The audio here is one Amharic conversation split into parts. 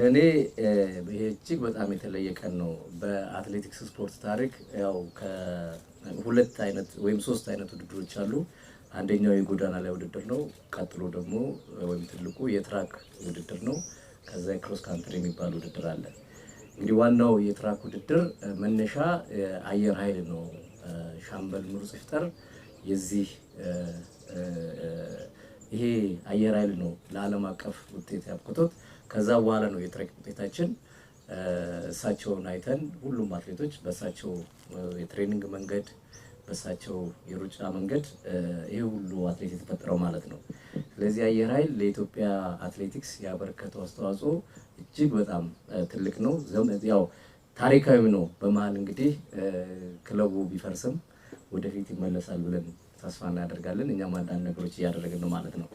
ለእኔ ይሄ እጅግ በጣም የተለየ ቀን ነው። በአትሌቲክስ ስፖርት ታሪክ ያው ሁለት አይነት ወይም ሶስት አይነት ውድድሮች አሉ። አንደኛው የጎዳና ላይ ውድድር ነው። ቀጥሎ ደግሞ ወይም ትልቁ የትራክ ውድድር ነው። ከዛ የክሮስ ካንትሪ የሚባል ውድድር አለ። እንግዲህ ዋናው የትራክ ውድድር መነሻ አየር ኃይል ነው። ሻምበል ምሩጽ ይፍጠር የዚህ ይሄ አየር ኃይል ነው ለዓለም አቀፍ ውጤት ያብቁቶት። ከዛ በኋላ ነው የትሬክ ውጤታችን እሳቸውን አይተን ሁሉም አትሌቶች በእሳቸው የትሬኒንግ መንገድ በእሳቸው የሩጫ መንገድ ይህ ሁሉ አትሌት የተፈጠረው ማለት ነው። ስለዚህ አየር ኃይል ለኢትዮጵያ አትሌቲክስ ያበረከተው አስተዋጽኦ እጅግ በጣም ትልቅ ነው። ያው ታሪካዊ ነው። በመሀል እንግዲህ ክለቡ ቢፈርስም ወደፊት ይመለሳል ብለን ተስፋ እናደርጋለን። እኛም አንዳንድ ነገሮች እያደረግን ማለት ነው።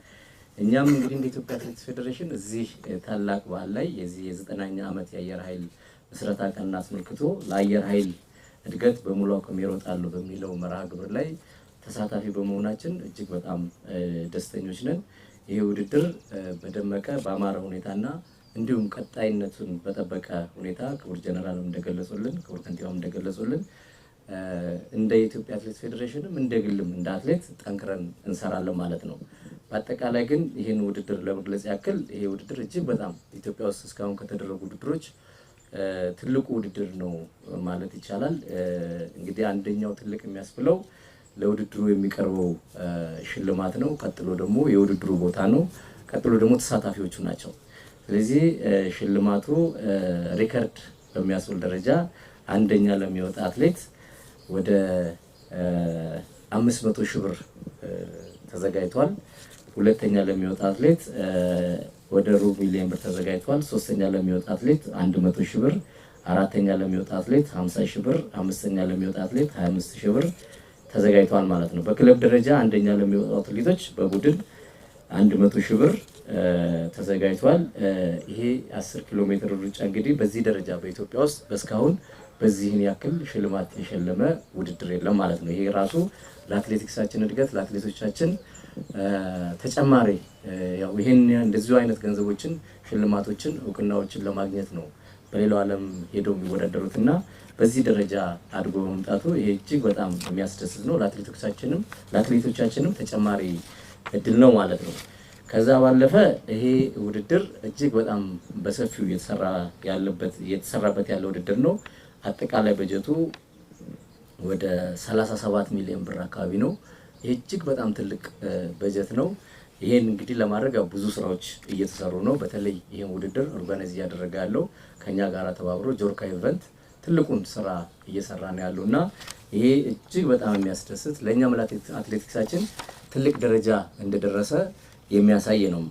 እኛም እንግዲህ እንደ ኢትዮጵያ አትሌቲክስ ፌዴሬሽን እዚህ ታላቅ በዓል ላይ የዚህ የዘጠናኛ ዓመት የአየር ኃይል ምስረታ ቀን አስመልክቶ ለአየር ኃይል እድገት በሙሉ አቅም ይሮጣሉ በሚለው መርሃ ግብር ላይ ተሳታፊ በመሆናችን እጅግ በጣም ደስተኞች ነን። ይህ ውድድር በደመቀ በአማረ ሁኔታና እንዲሁም ቀጣይነቱን በጠበቀ ሁኔታ ክቡር ጀነራል እንደገለጹልን፣ ክቡር ከንቲባም እንደገለጹልን እንደ ኢትዮጵያ አትሌቲክስ ፌዴሬሽንም እንደ ግልም እንደ አትሌት ጠንክረን እንሰራለን ማለት ነው። በአጠቃላይ ግን ይህን ውድድር ለመግለጽ ያክል ይሄ ውድድር እጅግ በጣም ኢትዮጵያ ውስጥ እስካሁን ከተደረጉ ውድድሮች ትልቁ ውድድር ነው ማለት ይቻላል። እንግዲህ አንደኛው ትልቅ የሚያስብለው ለውድድሩ የሚቀርበው ሽልማት ነው። ቀጥሎ ደግሞ የውድድሩ ቦታ ነው። ቀጥሎ ደግሞ ተሳታፊዎቹ ናቸው። ስለዚህ ሽልማቱ ሪከርድ በሚያስብል ደረጃ አንደኛ ለሚወጣ አትሌት ወደ አምስት መቶ ሺህ ብር ተዘጋጅቷል። ሁለተኛ ለሚወጣ አትሌት ወደ ሩብ ሚሊዮን ብር ተዘጋጅቷል። ሶስተኛ ለሚወጣ አትሌት አንድ መቶ ሺህ ብር፣ አራተኛ ለሚወጣ አትሌት ሀምሳ ሺህ ብር፣ አምስተኛ ለሚወጣ አትሌት ሀያ አምስት ሺህ ብር ተዘጋጅቷል ማለት ነው። በክለብ ደረጃ አንደኛ ለሚወጡ አትሌቶች በቡድን አንድ መቶ ሺህ ብር ተዘጋጅቷል። ይሄ አስር ኪሎ ሜትር ሩጫ እንግዲህ በዚህ ደረጃ በኢትዮጵያ ውስጥ በስካሁን በዚህን ያክል ሽልማት የሸለመ ውድድር የለም ማለት ነው። ይሄ ራሱ ለአትሌቲክሳችን እድገት ለአትሌቶቻችን ተጨማሪ ያው ይሄን እንደዚሁ አይነት ገንዘቦችን፣ ሽልማቶችን፣ እውቅናዎችን ለማግኘት ነው በሌላው ዓለም ሄደው የሚወዳደሩት እና በዚህ ደረጃ አድጎ በመምጣቱ ይሄ እጅግ በጣም የሚያስደስት ነው። ለአትሌቶቻችንም ለአትሌቶቻችንም ተጨማሪ እድል ነው ማለት ነው። ከዛ ባለፈ ይሄ ውድድር እጅግ በጣም በሰፊው እየተሰራ ያለበት እየተሰራበት ያለ ውድድር ነው። አጠቃላይ በጀቱ ወደ 37 ሚሊዮን ብር አካባቢ ነው። እጅግ በጣም ትልቅ በጀት ነው። ይህን እንግዲህ ለማድረግ ብዙ ስራዎች እየተሰሩ ነው። በተለይ ይህን ውድድር ኦርጋናይዝ እያደረገ ያለው ከኛ ጋር ተባብሮ ጆርካ ኢቨንት ትልቁን ስራ እየሰራ ነው ያለው እና ይሄ እጅግ በጣም የሚያስደስት ለእኛም አትሌቲክሳችን ትልቅ ደረጃ እንደደረሰ የሚያሳይ ነው።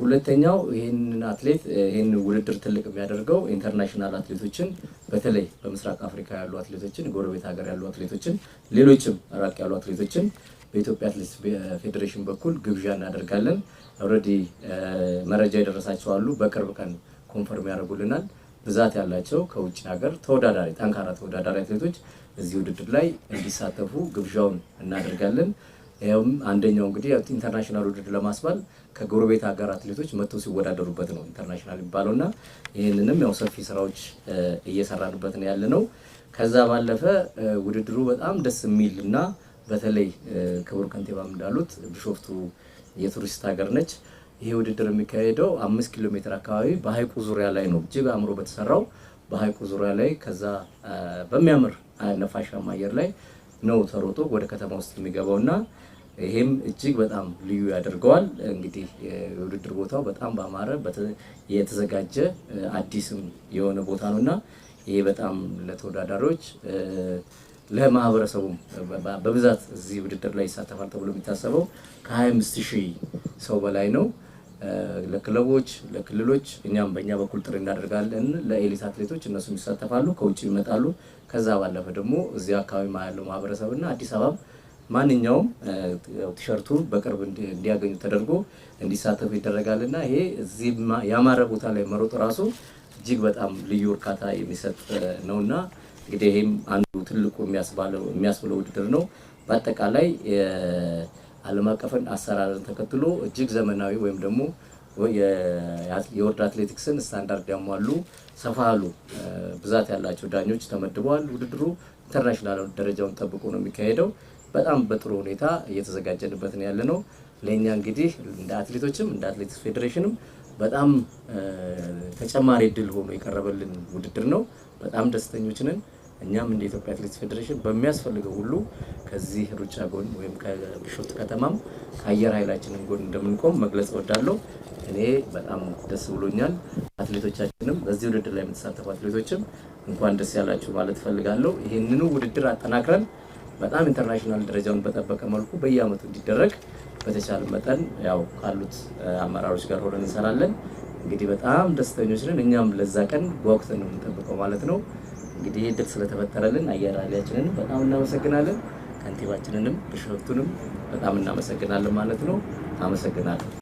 ሁለተኛው ይህንን አትሌት ይህን ውድድር ትልቅ የሚያደርገው ኢንተርናሽናል አትሌቶችን በተለይ በምስራቅ አፍሪካ ያሉ አትሌቶችን፣ ጎረቤት ሀገር ያሉ አትሌቶችን፣ ሌሎችም ራቅ ያሉ አትሌቶችን በኢትዮጵያ አትሌት ፌዴሬሽን በኩል ግብዣ እናደርጋለን። ኦልሬዲ መረጃ የደረሳቸው አሉ። በቅርብ ቀን ኮንፈርም ያደርጉልናል። ብዛት ያላቸው ከውጭ ሀገር ተወዳዳሪ ጠንካራ ተወዳዳሪ አትሌቶች እዚህ ውድድር ላይ እንዲሳተፉ ግብዣውን እናደርጋለን። ይኸውም አንደኛው እንግዲህ ኢንተርናሽናል ውድድር ለማስባል ከጎረቤት ሀገር አትሌቶች መጥተው ሲወዳደሩበት ነው ኢንተርናሽናል የሚባለው እና ይህንንም ያው ሰፊ ስራዎች እየሰራንበት ነው ያለ ነው። ከዛ ባለፈ ውድድሩ በጣም ደስ የሚል እና በተለይ ክቡር ከንቲባም እንዳሉት ቢሾፍቱ የቱሪስት ሀገር ነች። ይሄ ውድድር የሚካሄደው አምስት ኪሎ ሜትር አካባቢ በሀይቁ ዙሪያ ላይ ነው። እጅግ አእምሮ በተሰራው በሀይቁ ዙሪያ ላይ ከዛ በሚያምር ነፋሻማ አየር ላይ ነው ተሮጦ ወደ ከተማ ውስጥ የሚገባው እና ይሄም እጅግ በጣም ልዩ ያደርገዋል። እንግዲህ የውድድር ቦታው በጣም ባማረ የተዘጋጀ አዲስም የሆነ ቦታ እና ይሄ በጣም ለተወዳዳሪዎች ለማህበረሰቡም በብዛት እዚህ ውድድር ላይ ይሳተፋል ተብሎ የሚታሰበው ከ25 ሺህ ሰው በላይ ነው። ለክለቦች፣ ለክልሎች እኛም በእኛ በኩል ጥሪ እናደርጋለን። ለኤሊት አትሌቶች እነሱም ይሳተፋሉ፣ ከውጭ ይመጣሉ። ከዛ ባለፈ ደግሞ እዚህ አካባቢ ያለው ማህበረሰብና አዲስ አበባ ማንኛውም ቲሸርቱ በቅርብ እንዲያገኙ ተደርጎ እንዲሳተፉ ይደረጋልና ይሄ እዚህ ያማረ ቦታ ላይ መሮጥ ራሱ እጅግ በጣም ልዩ እርካታ የሚሰጥ ነውና እንግዲህ ይህም አንዱ ትልቁ የሚያስብለው ውድድር ነው። በአጠቃላይ ዓለም አቀፍን አሰራርን ተከትሎ እጅግ ዘመናዊ ወይም ደግሞ የወርድ አትሌቲክስን ስታንዳርድ ያሟሉ ሰፋ ያሉ ብዛት ያላቸው ዳኞች ተመድበዋል። ውድድሩ ኢንተርናሽናል ደረጃውን ጠብቆ ነው የሚካሄደው። በጣም በጥሩ ሁኔታ እየተዘጋጀንበት ነው ያለ ነው። ለእኛ እንግዲህ እንደ አትሌቶችም እንደ አትሌቲክስ ፌዴሬሽንም በጣም ተጨማሪ እድል ሆኖ የቀረበልን ውድድር ነው። በጣም ደስተኞች ነን። እኛም እንደ ኢትዮጵያ አትሌቲክስ ፌዴሬሽን በሚያስፈልገው ሁሉ ከዚህ ሩጫ ጎን ወይም ከቢሾፍቱ ከተማም ከአየር ኃይላችንን ጎን እንደምንቆም መግለጽ እወዳለሁ። እኔ በጣም ደስ ብሎኛል። አትሌቶቻችንም በዚህ ውድድር ላይ የምትሳተፉ አትሌቶችም እንኳን ደስ ያላችሁ ማለት እፈልጋለሁ። ይህንኑ ውድድር አጠናክረን በጣም ኢንተርናሽናል ደረጃውን በጠበቀ መልኩ በየአመቱ እንዲደረግ በተቻለ መጠን ያው ካሉት አመራሮች ጋር ሆነን እንሰራለን። እንግዲህ በጣም ደስተኞች ነን። እኛም ለዛ ቀን ጓጉተን ነው የምንጠብቀው ማለት ነው። እንግዲህ እድል ስለተፈጠረልን አየር ኃይላችንንም በጣም እናመሰግናለን። ከንቲባችንንም ብሾፍቱንም በጣም እናመሰግናለን ማለት ነው። አመሰግናለሁ።